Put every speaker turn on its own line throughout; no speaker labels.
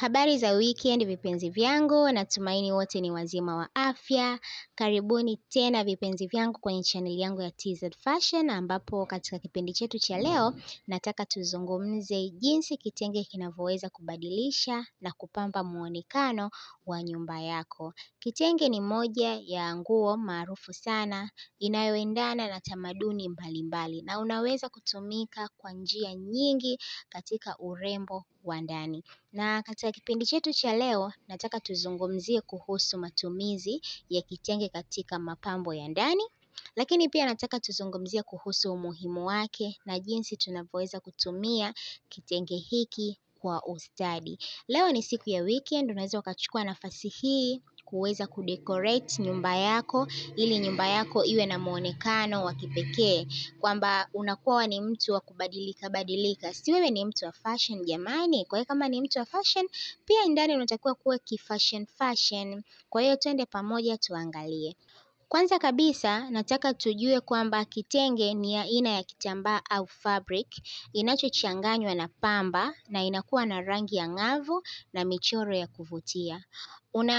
Habari za weekend vipenzi vyangu, natumaini wote ni wazima wa afya. Karibuni tena vipenzi vyangu kwenye chaneli yangu ya TZ Fashion, ambapo katika kipindi chetu cha leo nataka tuzungumze jinsi kitenge kinavyoweza kubadilisha na kupamba muonekano wa nyumba yako. Kitenge ni moja ya nguo maarufu sana inayoendana na tamaduni mbalimbali mbali, na unaweza kutumika kwa njia nyingi katika urembo wa ndani. Na katika kipindi chetu cha leo nataka tuzungumzie kuhusu matumizi ya kitenge katika mapambo ya ndani, lakini pia nataka tuzungumzie kuhusu umuhimu wake na jinsi tunavyoweza kutumia kitenge hiki kwa ustadi. Leo ni siku ya weekend unaweza ukachukua nafasi hii kuweza kudecorate nyumba yako ili nyumba yako iwe na muonekano wa kipekee kwamba unakuwa ni mtu wa kubadilika badilika si wewe ni mtu wa fashion jamani kwa hiyo kama ni mtu wa fashion pia ndani unatakiwa kuwa kifashion fashion kwa hiyo twende pamoja tuangalie kwanza kabisa nataka tujue kwamba kitenge ni aina ya kitambaa au fabric inachochanganywa na pamba na inakuwa na rangi ya ngavu na michoro ya kuvutia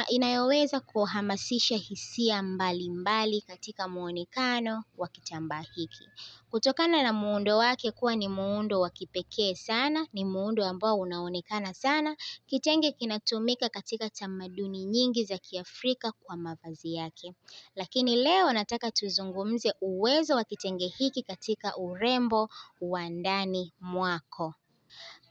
inayoweza kuhamasisha hisia mbalimbali katika muonekano wa kitambaa hiki. Kutokana na muundo wake kuwa ni muundo wa kipekee sana, ni muundo ambao unaonekana sana, kitenge kinatumika katika tamaduni nyingi za Kiafrika kwa mavazi yake. Lakini lakini leo nataka tuzungumze uwezo wa kitenge hiki katika urembo wa ndani mwako.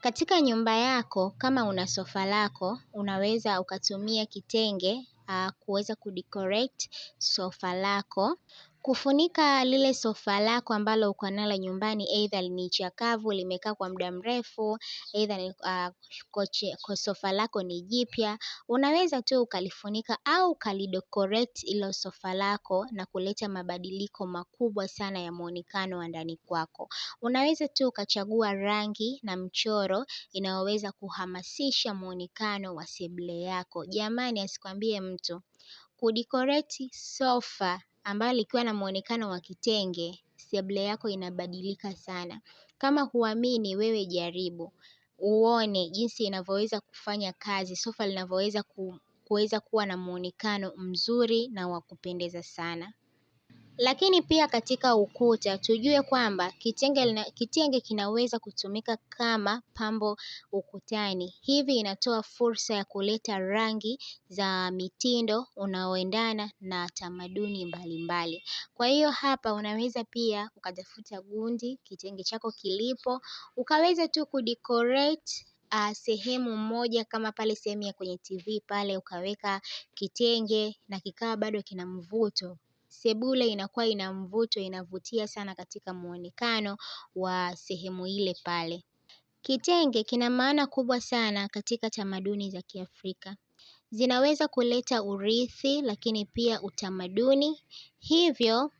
Katika nyumba yako kama una sofa lako, unaweza ukatumia kitenge ah, kuweza kudecorate sofa lako. Kufunika lile sofa lako ambalo uko nalo nyumbani aidha ni chakavu limekaa kwa muda mrefu either ah, sofa lako ni jipya unaweza tu ukalifunika au ukalidecorate hilo sofa lako na kuleta mabadiliko makubwa sana ya muonekano wa ndani kwako. Unaweza tu ukachagua rangi na mchoro inayoweza kuhamasisha muonekano wa sebule yako. Jamani asikwambie mtu kudecorate sofa ambalo likiwa na muonekano wa kitenge sebule yako inabadilika sana. Kama huamini wewe jaribu uone jinsi inavyoweza kufanya kazi sofa linavyoweza kuweza kuwa na muonekano mzuri na wa kupendeza sana. Lakini pia katika ukuta tujue kwamba kitenge kinaweza kutumika kama pambo ukutani, hivi inatoa fursa ya kuleta rangi za mitindo unaoendana na tamaduni mbalimbali. Kwa hiyo hapa unaweza pia ukatafuta gundi kitenge chako kilipo, ukaweza tu kudecorate ah, sehemu moja kama pale sehemu ya kwenye tv pale ukaweka kitenge na kikawa bado kina mvuto sebule inakuwa ina mvuto inavutia sana katika muonekano wa sehemu ile pale. Kitenge kina maana kubwa sana katika tamaduni za Kiafrika. Zinaweza kuleta urithi lakini pia utamaduni, hivyo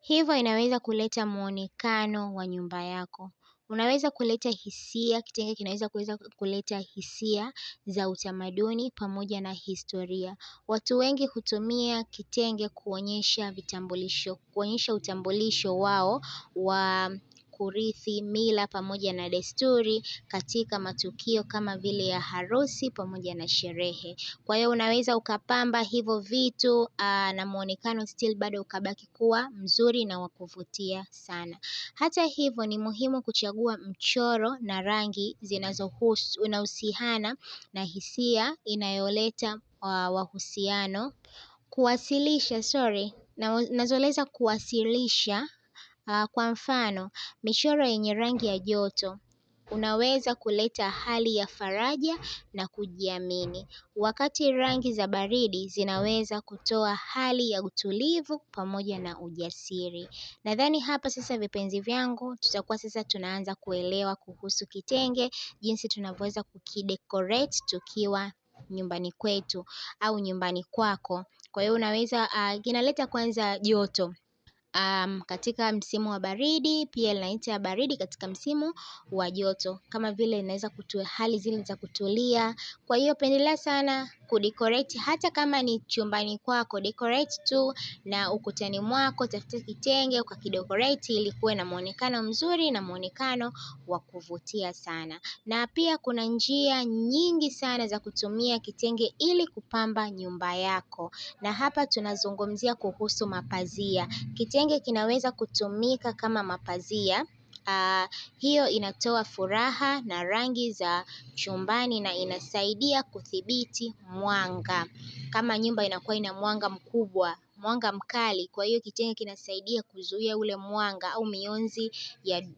hivyo inaweza kuleta muonekano wa nyumba yako unaweza kuleta hisia, kitenge kinaweza kuweza kuleta hisia za utamaduni pamoja na historia. Watu wengi hutumia kitenge kuonyesha vitambulisho kuonyesha utambulisho wao wa kurithi mila pamoja na desturi katika matukio kama vile ya harusi pamoja na sherehe. Kwa hiyo unaweza ukapamba hivyo vitu na muonekano still bado ukabaki kuwa mzuri na wa kuvutia sana. Hata hivyo ni muhimu kuchagua mchoro na rangi zinazohusiana na hisia inayoleta wahusiano kuwasilisha sorry nazoleza kuwasilisha Ah, kwa mfano, michoro yenye rangi ya joto unaweza kuleta hali ya faraja na kujiamini. Wakati rangi za baridi zinaweza kutoa hali ya utulivu pamoja na ujasiri. Nadhani hapa sasa vipenzi vyangu tutakuwa sasa tunaanza kuelewa kuhusu kitenge, jinsi tunavyoweza kukidecorate tukiwa nyumbani kwetu au nyumbani kwako. Kwa hiyo unaweza ah, kinaleta kwanza joto um, katika msimu wa baridi, pia linaita baridi katika msimu wa joto, kama vile linaweza hali zile za kutulia. Kwa hiyo pendelea sana kudecorate hata kama ni chumbani kwako decorate tu na ukutani mwako tafuta kitenge ukakidecorate ili kuwe na muonekano mzuri na muonekano wa kuvutia sana na pia kuna njia nyingi sana za kutumia kitenge ili kupamba nyumba yako na hapa tunazungumzia kuhusu mapazia kitenge kinaweza kutumika kama mapazia Ah, hiyo inatoa furaha na rangi za chumbani na inasaidia kudhibiti mwanga. Kama nyumba inakuwa ina mwanga mkubwa, mwanga mkali, kwa hiyo kitenge kinasaidia kuzuia ule mwanga au mionzi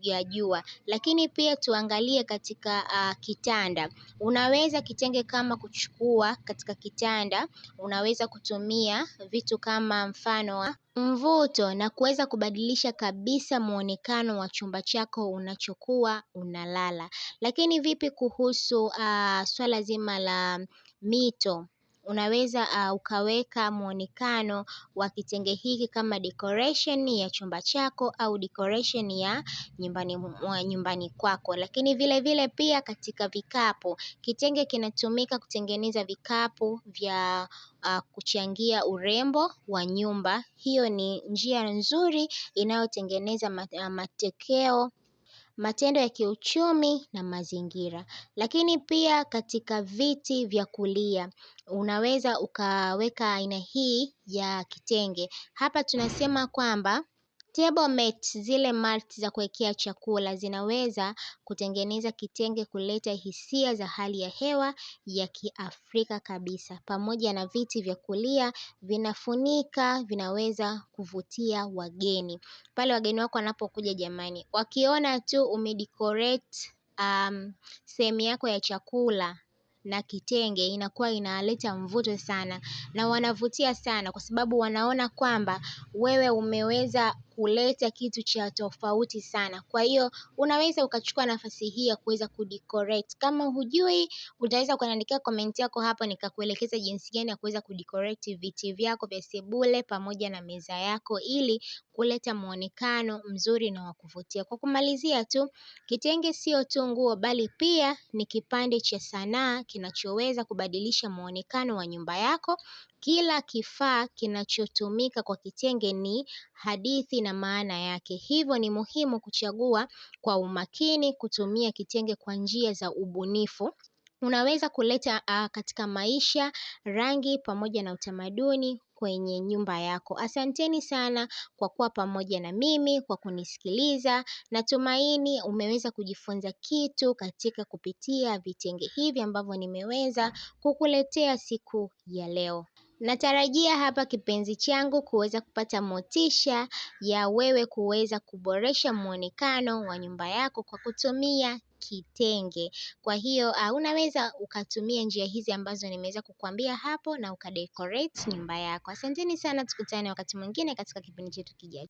ya jua. Lakini pia tuangalie katika ah, kitanda. Unaweza kitenge kama kuchukua katika kitanda, unaweza kutumia vitu kama mfano wa mvuto na kuweza kubadilisha kabisa muonekano wa chumba chako unachokuwa unalala. Lakini vipi kuhusu ah, swala zima la mito? unaweza uh, ukaweka muonekano wa kitenge hiki kama decoration ya chumba chako au decoration ya nyumbani, nyumbani kwako. Lakini vile vile pia katika vikapu, kitenge kinatumika kutengeneza vikapu vya uh, kuchangia urembo wa nyumba. Hiyo ni njia nzuri inayotengeneza uh, matokeo matendo ya kiuchumi na mazingira. Lakini pia katika viti vya kulia unaweza ukaweka aina hii ya kitenge. Hapa tunasema kwamba Table mat zile mat za kuwekea chakula zinaweza kutengeneza kitenge kuleta hisia za hali ya hewa ya kiafrika kabisa pamoja na viti vya kulia vinafunika vinaweza kuvutia wageni. Pale wageni wako wanapokuja jamani wakiona tu umedecorate um, sehemu yako ya chakula na kitenge inakuwa inaleta mvuto sana na wanavutia sana kwa sababu wanaona kwamba wewe umeweza huleta kitu cha tofauti sana. Kwa hiyo unaweza ukachukua nafasi hii ya kuweza kudecorate. Kama hujui utaweza ukaniandikia comment yako hapo nikakuelekeza jinsi gani ya kuweza kudecorate viti vyako vya sebule pamoja na meza yako ili kuleta muonekano mzuri na wa kuvutia. Kwa kumalizia tu, kitenge sio tu nguo bali pia ni kipande cha sanaa kinachoweza kubadilisha muonekano wa nyumba yako kila kifaa kinachotumika kwa kitenge ni hadithi na maana yake, hivyo ni muhimu kuchagua kwa umakini kutumia kitenge kwa njia za ubunifu. Unaweza kuleta katika maisha, rangi pamoja na utamaduni kwenye nyumba yako. Asanteni sana kwa kuwa pamoja na mimi, kwa kunisikiliza, natumaini umeweza kujifunza kitu katika kupitia vitenge hivi ambavyo nimeweza kukuletea siku ya leo. Natarajia hapa kipenzi changu kuweza kupata motisha ya wewe kuweza kuboresha muonekano wa nyumba yako kwa kutumia kitenge. Kwa hiyo ah, unaweza ukatumia njia hizi ambazo nimeweza kukuambia hapo na ukadecorate nyumba yako. Asanteni sana tukutane wakati mwingine katika kipindi chetu kijacho.